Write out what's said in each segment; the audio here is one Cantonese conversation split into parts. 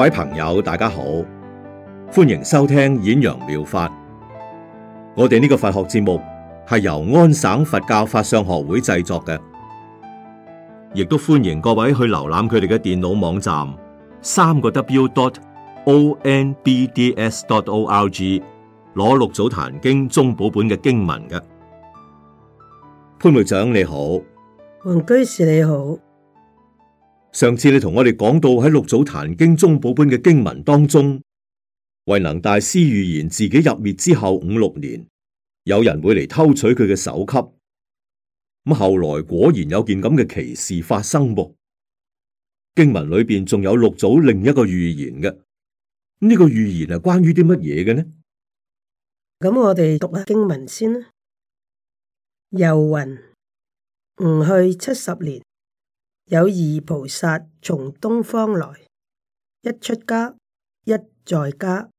各位朋友，大家好，歡迎收聽演揚妙，妙法。我哋呢個佛學節目係由安省佛教法相學會製作嘅，亦都歡迎各位去瀏覽佢哋嘅電腦網站三個 w dot o n b d s dot o r g 攞《六祖壇經中寶本嘅經文嘅。潘會長你好，黃居士你好。上次你同我哋講到喺六祖壇經宗寶本嘅經文當中，慧能大師預言自己入滅之後五六年，有人會嚟偷取佢嘅首級。咁後來果然有件咁嘅奇事發生喎。經文裏邊仲有六祖另一個預言嘅，呢個預言係關於啲乜嘢嘅呢？咁我哋讀下經文先啦。又云，吾去七十年。有二菩薩從東方來，一出家，一在家，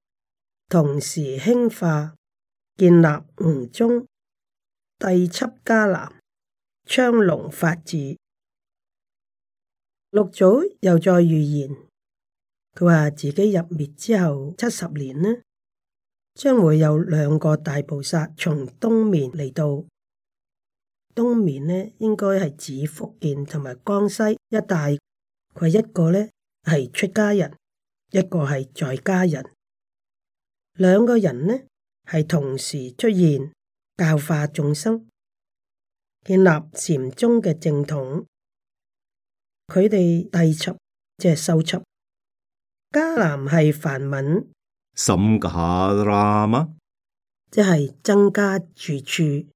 同時興化，建立吾宗，第七伽藍，昌隆法嗣。六祖又再預言，佢話自己入滅之後七十年呢，將會有兩個大菩薩從東面嚟到。東面呢，應該係指福建同埋江西一帶。佢一個呢係出家人，一個係在家人。兩個人呢係同時出現，教化眾生，建立禪宗嘅正統。佢哋第集即係收集伽藍係梵文，僧伽藍摩，即係增加住處。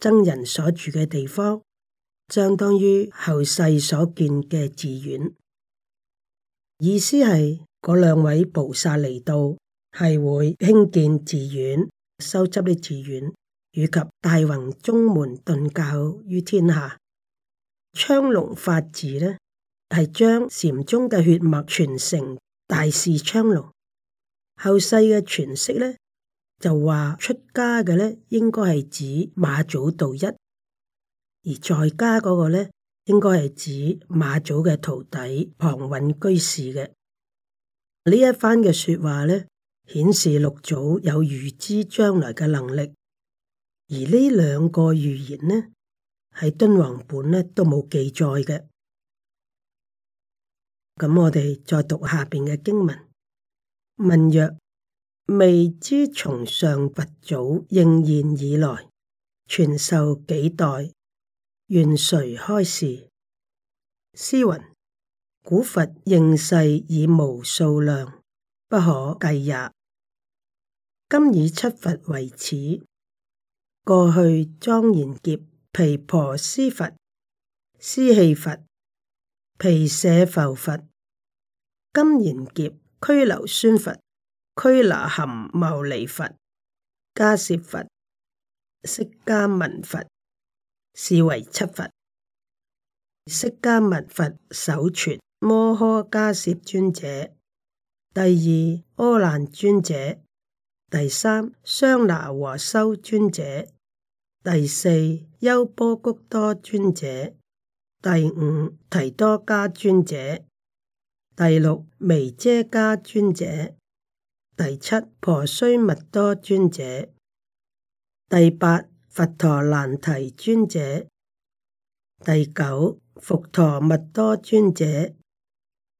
僧人所住嘅地方，相當於後世所建嘅寺院。意思係嗰兩位菩薩嚟到，係會興建寺院、修葺啲寺院，以及大弘宗門頓教於天下。昌隆法子呢，係將禪宗嘅血脈傳承大肆昌隆。後世嘅詮釋呢，就話出家嘅咧，應該係指馬祖道一；而在家嗰個咧，應該係指馬祖嘅徒弟龐蘊居士嘅。呢一番嘅說話咧，顯示六祖有預知將來嘅能力。而呢兩個預言呢，喺敦煌本呢都冇記載嘅。咁我哋再讀下邊嘅經文，問曰。未知從上佛祖應現以來，傳授幾代，願誰開示？師云：古佛應世以無數量，不可計也。今以七佛為始，過去莊嚴劫皮婆師佛、師氣佛、皮舍浮佛，今賢劫拘留孫佛。拘那含牟尼佛、迦攝佛、釋迦文佛是為七佛。釋迦文佛首傳摩訶迦攝尊者，第二阿難尊者，第三商那和修尊者，第四優波谷多尊者，第五提多迦尊者，第六彌遮迦尊者。第七婆須蜜多尊者，第八佛陀難提尊者，第九伏馱蜜多尊者，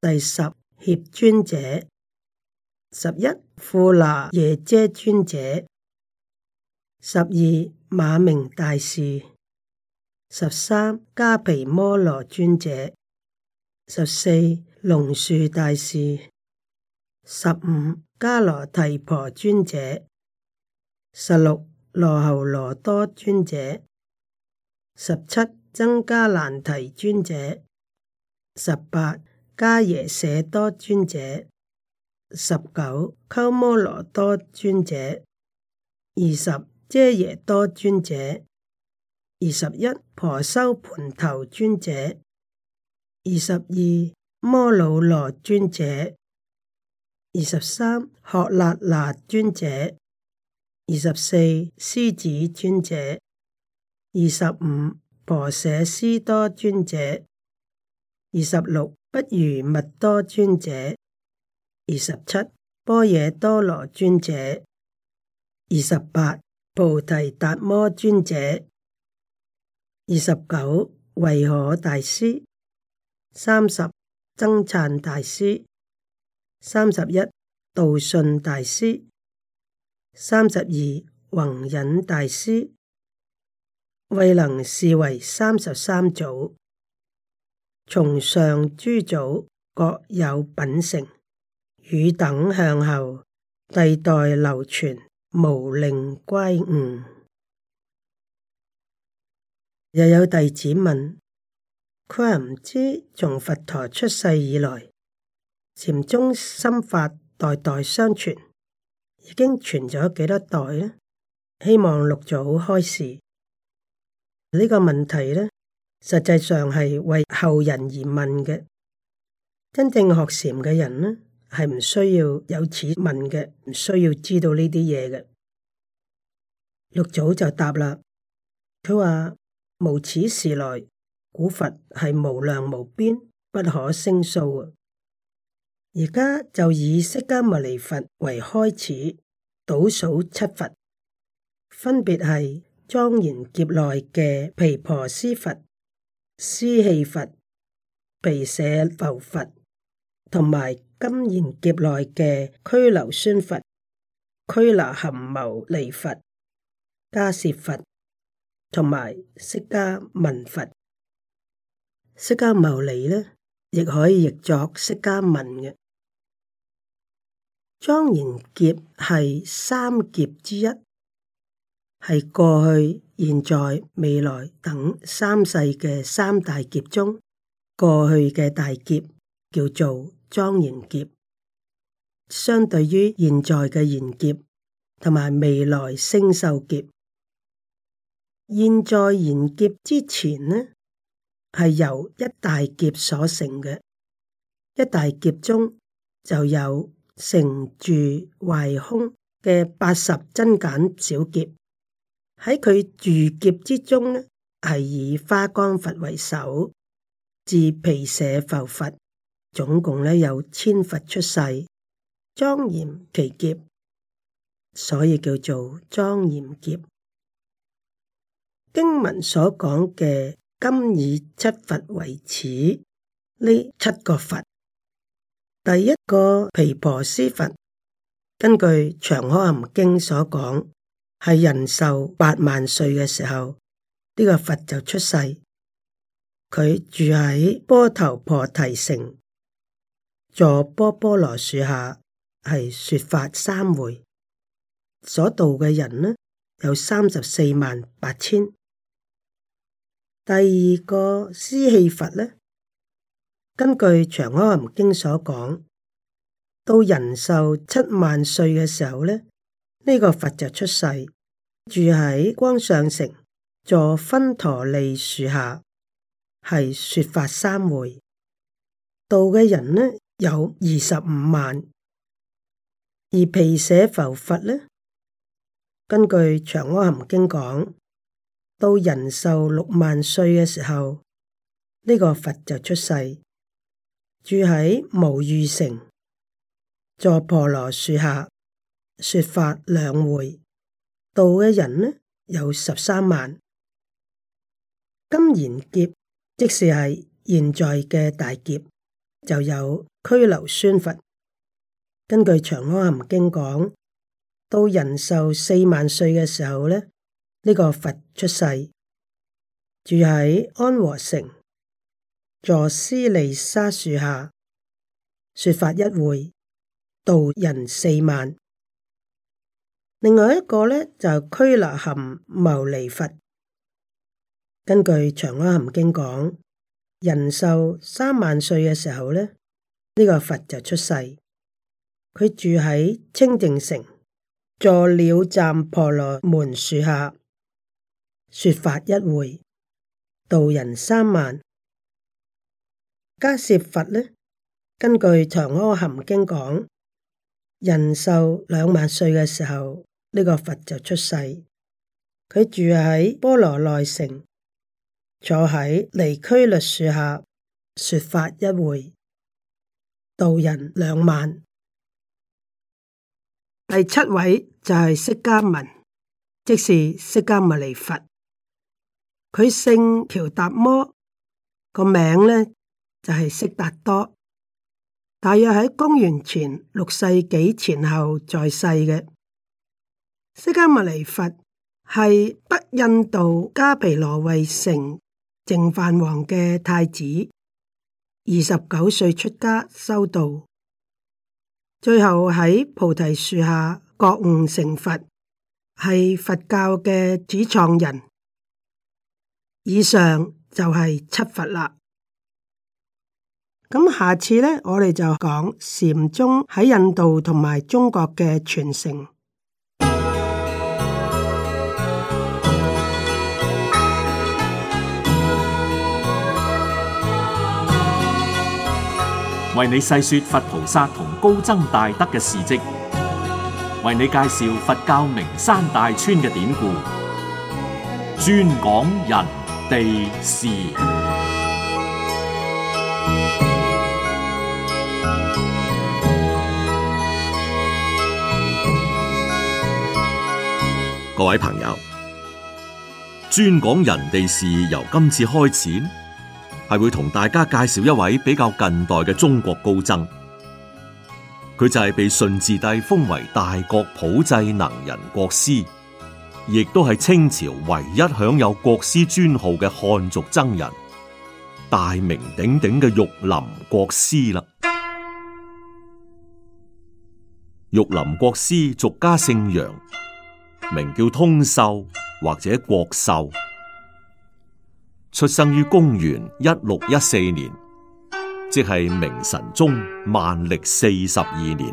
第十脅尊者，十一富那耶遮尊者，十二馬鳴大士，十三迦毗摩羅尊者，十四龍樹大士，十五。伽羅提婆尊者，十六羅侯羅多尊者，十七增加難提尊者，十八迦耶舍多尊者，十九鳩摩羅多尊者，二十遮耶多尊者，二十一婆修盤頭尊者，二十二摩魯羅尊者。二十三鶴勒那尊者，二十四師子尊者，二十五婆舍斯多尊者，二十六不如蜜多尊者，二十七般若多羅尊者，二十八菩提達摩尊者，二十九慧可大師，三十僧璨大師。三十一道信大師，三十二弘忍大師，惠能是為三十三祖。從上諸祖各有品性，汝等向後遞代流傳，無令乖誤。又有弟子問：佢話唔知從佛陀出世以來？禪宗心法代代相傳，已經傳咗幾多代呢？希望六祖開示呢、呢個問題呢，實際上係為後人而問嘅。真正學禪嘅人呢，係唔需要有此問嘅，唔需要知道呢啲嘢嘅。六祖就答啦，佢話無始時來，古佛係無量無邊，不可勝數。而家就以釋迦牟尼佛為開始，倒數七佛，分別係莊嚴劫內嘅毗婆尸佛、尸棄佛、毗舍浮佛，同埋今賢劫內嘅拘留孫佛、拘那含牟尼佛、迦葉佛，同埋釋迦文佛。釋迦牟尼呢，亦可以譯作釋迦文嘅。莊嚴劫係三劫之一，係過去、現在、未來等三世嘅三大劫中，過去嘅大劫叫做莊嚴劫。相對於現在嘅賢劫，同埋未來星宿劫。現在賢劫之前呢，係由一大劫所成嘅，一大劫中就有。成住壞空嘅八十增減小劫，喺佢住劫之中呢，係以花光佛為首，至皮舍浮佛，總共呢有千佛出世莊嚴其劫，所以叫做莊嚴劫。經文所講嘅今以七佛為始，呢七個佛。第一個毗婆尸佛，根據長阿含經所講，係人壽八萬歲嘅時候，呢、這個佛就出世。佢住喺波頭婆提城，坐波波羅樹下，係說法三會，所度嘅人呢有三十四萬八千。第二個尸棄佛呢？根據長安含經所講，到人壽七萬歲嘅時候咧，呢個佛就出世，住喺光上城座芬陀利樹下，係說法三回，度嘅人呢有二十五萬。而皮舍浮佛呢？根據長安含經講，到人壽六萬歲嘅時候，呢個佛就出世。住喺無喻城，坐婆羅樹下說法兩回，到嘅人呢有十三萬。今賢劫，即使係現在嘅大劫，就有拘留孫佛。根據長阿含經講，到人壽四萬歲嘅時候呢，呢、呢個佛出世，住喺安和城。坐斯利沙樹下說法一會度人四萬。另外一個呢，就拘那含牟尼佛，根據長阿含經講，人壽三萬歲嘅時候呢，呢、這個佛就出世，佢住喺清淨城，坐鳥站婆羅門樹下說法一會度人三萬。迦葉佛呢？根據長阿含經講，人壽兩萬歲嘅時候，呢、這個佛就出世，佢住喺波羅奈城，坐喺尼俱律樹下說法一會，度人兩萬。第七位就係釋迦文，即是釋迦牟尼佛，佢姓喬達摩，個名呢，就係悉達多，大約喺公元前六世紀前後在世嘅釋迦牟尼佛係北印度迦毗羅衛城淨飯王嘅太子，二十九歲出家修道，最後喺菩提樹下覺悟成佛，係佛教嘅主創人。以上就係七佛啦。咁下次呢，我哋就講禪宗喺印度同埋中國嘅傳承，為你細說佛菩薩同高僧大德嘅事跡，為你介紹佛教名山大川嘅典故，專講人地事。各位朋友，專講人哋事由今次開始，係會同大家介紹一位比較近代嘅中國高僧。佢就係被順治帝封為大國普濟能人國師，亦都係清朝唯一享有國師尊號嘅漢族僧人，大名鼎鼎嘅玉林國師啦。玉林國師，俗家姓楊。名叫通秀或者國秀，出生於公元一六一四年，即係明神宗萬曆四十二年。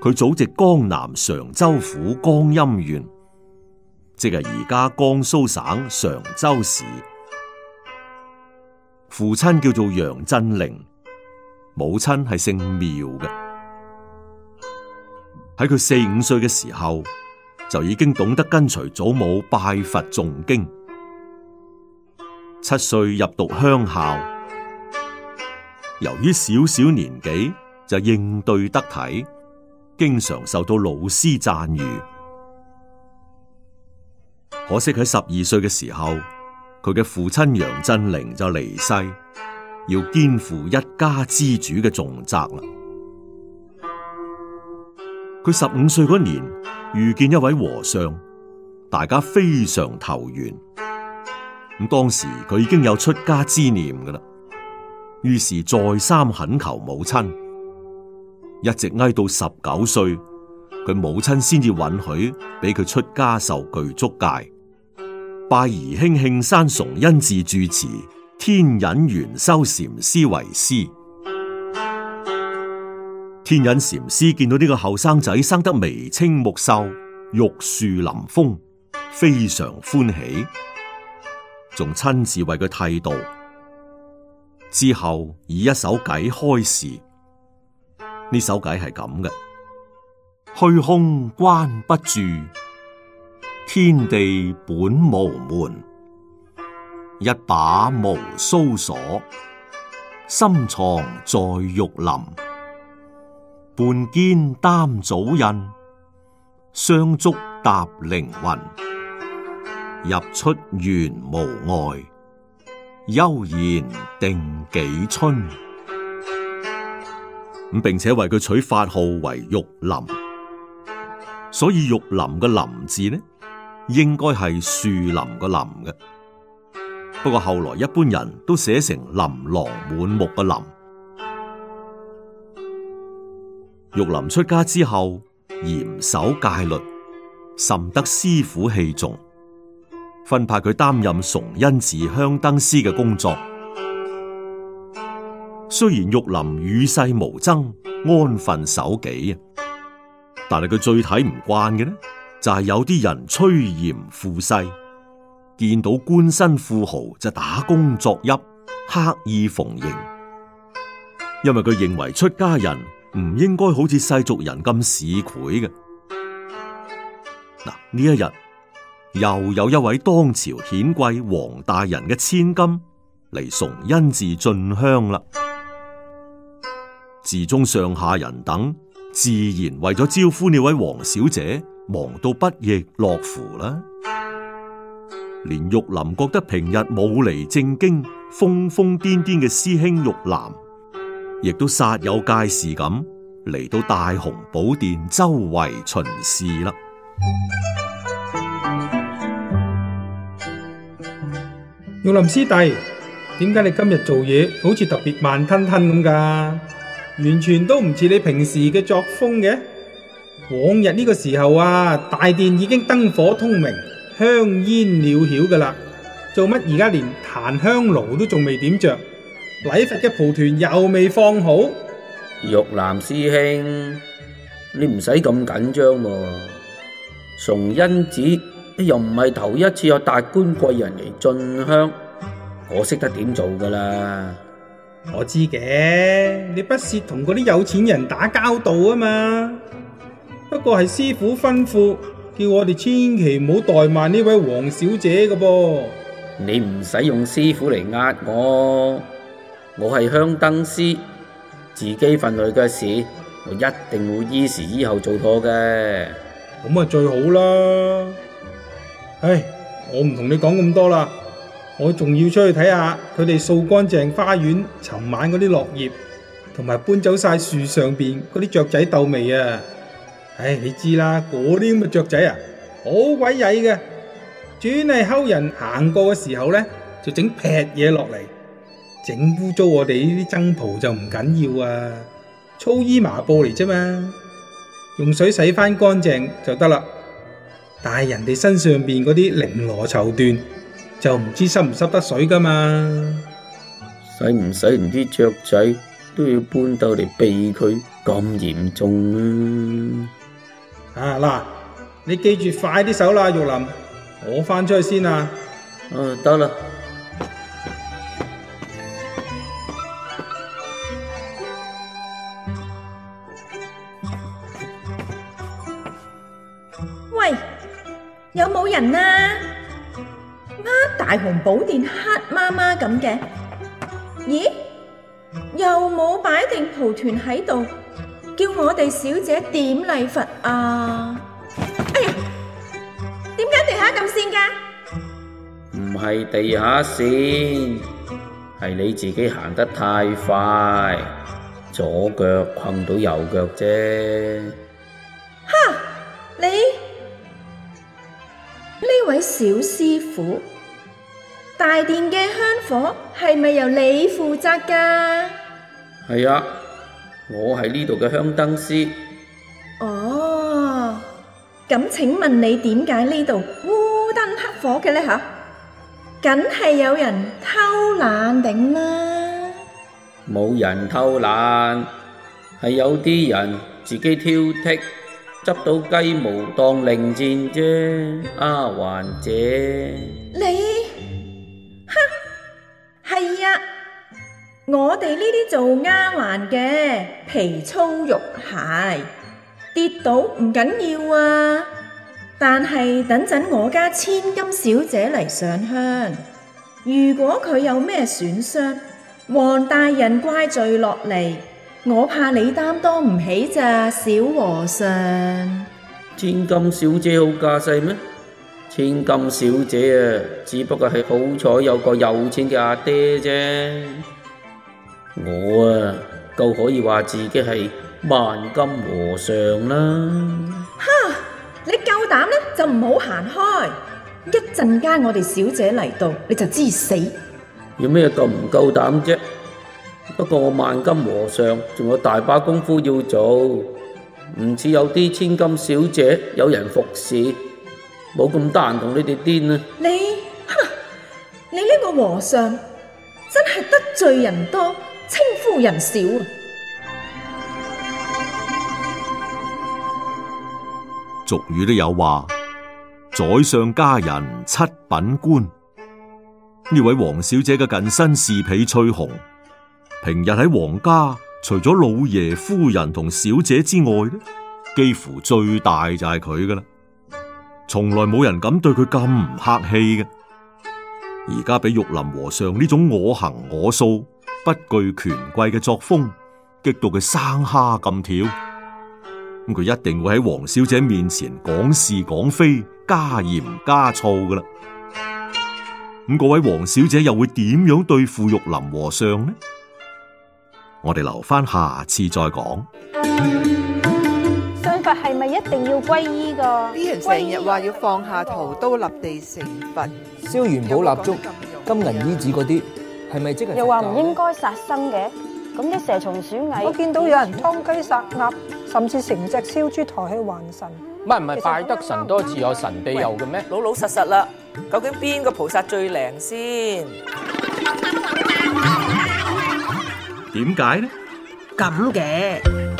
佢祖籍江南常州府江陰縣，即係而家江蘇省常州市。父親叫做楊振靈，母親係姓苗嘅。喺佢四五歲嘅時候，就已經懂得跟隨祖母拜佛誦經，七歲入讀鄉校，由於小小年紀就應對得體，經常受到老師讚譽。可惜喺十二歲嘅時候，佢嘅父親楊振寧就離世，要肩負一家之主嘅重責啦。佢十五歲嗰年。遇見一位和尚，大家非常投緣。咁當時佢已經有出家之念嘅啦，於是再三懇求母親，一直挨到十九歲，佢母親先至允許俾佢出家受具足戒，拜宜興慶山崇恩寺住持天隱元修禪師為師。天隱禪師見到呢個後生仔生得眉清目秀、玉樹臨風，非常歡喜，仲親自為佢剃度。之後以一首偈開示，呢首偈係咁嘅：虛空關不住，天地本無門，一把無鬚鎖，深藏在玉林。半肩擔祖印，雙足踏凌雲，入出緣無礙，悠然定幾春。咁並且為佢取法號為玉林，所以玉林嘅林字呢，應該係樹林嘅林嘅，不過後來一般人都寫成琳琅滿目嘅琳。玉林出家之後，嚴守戒律，甚得師父器重，分派佢擔任崇恩寺香燈師嘅工作。雖然玉林與世無爭，安分守己啊，但係佢最睇唔慣嘅呢，就係、是、有啲人趨炎附勢，見到官紳富豪就打躬作揖，刻意逢迎。因為佢認為出家人。唔應該好似世俗人咁市儈嘅。嗱，呢一日又有一位當朝顯貴黃大人嘅千金嚟崇恩寺進香啦。寺中上下人等自然為咗招呼呢位黃小姐，忙到不亦樂乎啦。連玉林覺得平日冇嚟正經、瘋瘋癲癲嘅師兄玉蘭。亦都煞有介事咁嚟到大雄寶殿周圍巡視啦。玉林師弟，點解你今日做嘢好似特別慢吞吞咁噶？完全都唔似你平時嘅作風嘅。往日呢個時候啊，大殿已經燈火通明、香煙裊裊噶啦，做乜而家連檀香爐都仲未點着？禮佛嘅蒲團又未放好，玉蘭師兄，你唔使咁緊張喎，啊。崇恩子又唔係頭一次有達官貴人嚟進香，我識得點做噶啦。我知嘅，你不屑同嗰啲有錢人打交道啊嘛。不過係師傅吩咐，叫我哋千祈唔好怠慢呢位黃小姐嘅噃。你唔使用，用師傅嚟呃我。我係香燈師，自己份內嘅事，我一定會依時依候做妥嘅。咁咪最好啦。唉，我唔同你講咁多啦，我仲要出去睇下佢哋掃乾淨花園，尋晚嗰啲落葉，同埋搬走晒樹上邊嗰啲雀仔竇未啊？唉，你知啦，嗰啲咁雀仔啊，好鬼曳嘅，專係睺人行過嘅時候呢，就整劈嘢落嚟。整污糟我哋呢啲僧袍就唔緊要啊，粗衣麻布嚟啫嘛，用水洗翻乾淨就得啦。但係人哋身上邊嗰啲綾羅綢緞就唔知濕唔濕得水噶嘛，使唔使唔知雀仔都要搬到嚟避佢，咁嚴重啊！啊嗱，你記住快啲手啦，玉琳，我翻出去先啊。嗯，得啦。大雄寶殿黑麻麻咁嘅，咦？又冇擺定蒲團喺度，叫我哋小姐點禮佛啊？哎呀，點解地下咁跣噶？唔係地下跣，係你自己行得太快，左腳困到右腳啫。哈！你呢位小師傅？大殿嘅香火係咪由你負責噶？係啊，我係呢度嘅香燈師。哦，咁請問你點解呢度烏燈黑火嘅呢？吓，梗係有人偷懶定啦？冇人偷懶，係有啲人自己挑剔，執到雞毛當令箭啫。啊，還者，你。係呀，我哋呢啲做丫鬟嘅，皮粗肉鞋，跌倒唔緊要啊。但係等陣我家千金小姐嚟上香，如果佢有咩損傷，王大人怪罪落嚟，我怕你擔當唔起咋，小和尚。千金小姐好架勢咩？千金小姐啊，只不過係好彩有個有錢嘅阿爹啫。我啊，夠可以話自己係萬金和尚啦。哈！你夠膽呢，就唔好行開。一陣間我哋小姐嚟到，你就知死。有咩夠唔夠膽啫？不過我萬金和尚仲有大把功夫要做，唔似有啲千金小姐有人服侍。冇咁得閒同你哋癲啦！你，哼！你呢個和尚真係得罪人多，稱呼人少啊！俗語都有話：宰相家人七品官。呢位黃小姐嘅近身侍婢翠紅，平日喺皇家，除咗老爺夫人同小姐之外咧，幾乎最大就係佢噶啦。從來冇人敢對佢咁唔客氣嘅，而家俾玉林和尚呢種我行我素、不懼權貴嘅作風，激到佢生蝦咁跳。咁佢一定會喺黃小姐面前講是講非、加鹽加醋噶啦。嗰位黃小姐又會點樣對付玉林和尚呢？我哋留翻下次再講。係咪一定要皈依㗎？啲人成日話要放下屠刀立地成佛，燒元寶蠟燭、金銀衣紙嗰啲，係咪即係？又話唔應該殺生嘅，咁啲蛇蟲鼠蟻，我見到有人劏雞殺鴨，甚至成隻燒豬抬去還神。唔係唔係，拜得神多自有神庇佑嘅咩？老老實實啦，究竟邊個菩薩最靈先？點解呢？咁嘅。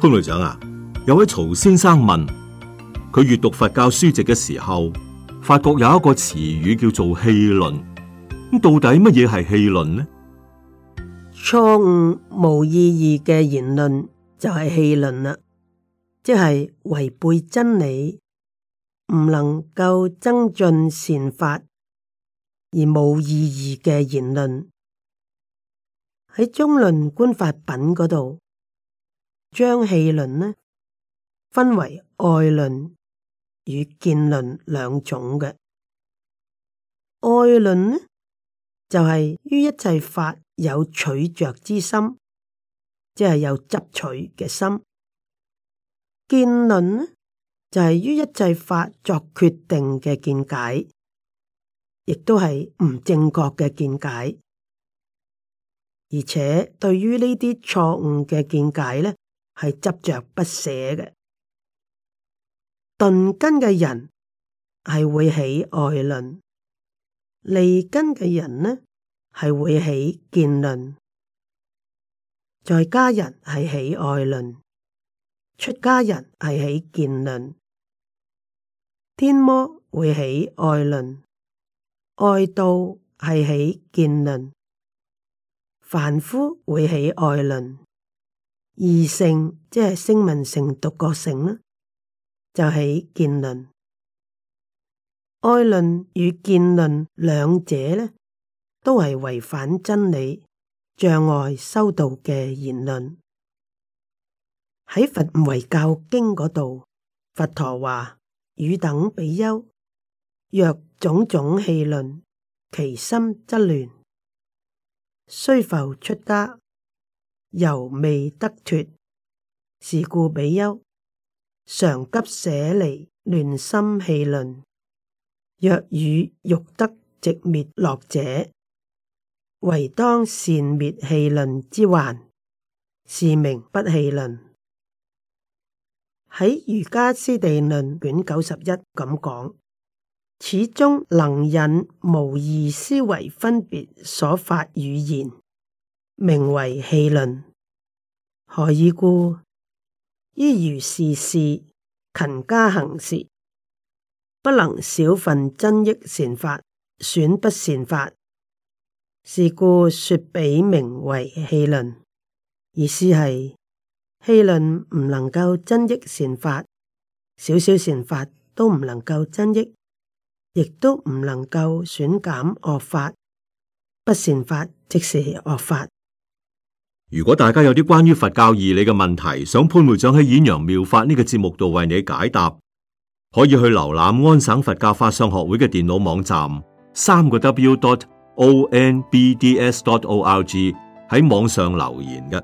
康女長啊，有位曹先生問佢閱讀佛教書籍嘅時候，發覺有一個詞語叫做戲論，咁到底乜嘢係戲論呢？錯誤、無意義嘅言論就係戲論啦，即係違背真理，唔能夠增進善法而冇意義嘅言論，喺中論觀法品嗰度。將戲論呢分為愛論、與見論兩種嘅愛論呢就係、是、於一切法有取着之心，即係有執取嘅心。見論呢就係、是、於一切法作決定嘅見解，亦都係唔正確嘅見解，而且對於呢啲錯誤嘅見解呢，係執着不捨嘅。頓根嘅人係會起愛論，利根嘅人呢係會起見論。在家人係起愛論，出家人係起見論。天魔會起愛論，外道係起見論，凡夫會起愛論。二乘即係聲聞乘、獨覺乘呢就係、是、見論、愛論與見論兩者呢，都係違反真理、障礙修道嘅言論。喺佛遺教經嗰度，佛陀話：汝等比丘若種種戲論其心則亂，雖復出家。猶未得脫，是故比丘常急捨離亂心戲論。若與欲得直滅樂者，唯當善滅戲論之患，是名不戲論。喺《瑜伽師地論》卷九十一咁講，始終能忍無義思維分別所發語言，名為戲論，何以故？依如是事勤加行事，不能少份增益善法，損不善法，是故說彼名為戲論。意思係戲論唔能夠增益善法，少少善法都唔能夠增益，亦都唔能夠損減惡法，不善法即是惡法。如果大家有啲關於佛教義理嘅問題，想潘會長喺演揚妙法呢個節目度為你解答，可以去瀏覽安省佛教法相學會嘅電腦網站，三個 w.dot.o.n.b.d.s.dot.o.r.g 喺網上留言嘅。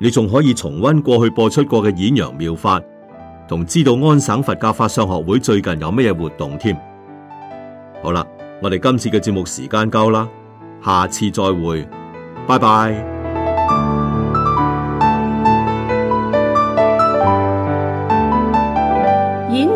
你仲可以重溫過去播出過嘅演揚妙法，同知道安省佛教法相學會最近有咩活動添。好啦，我哋今次嘅節目時間夠啦，下次再會，拜拜。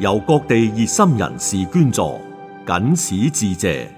由各地熱心人士捐助，僅此致謝。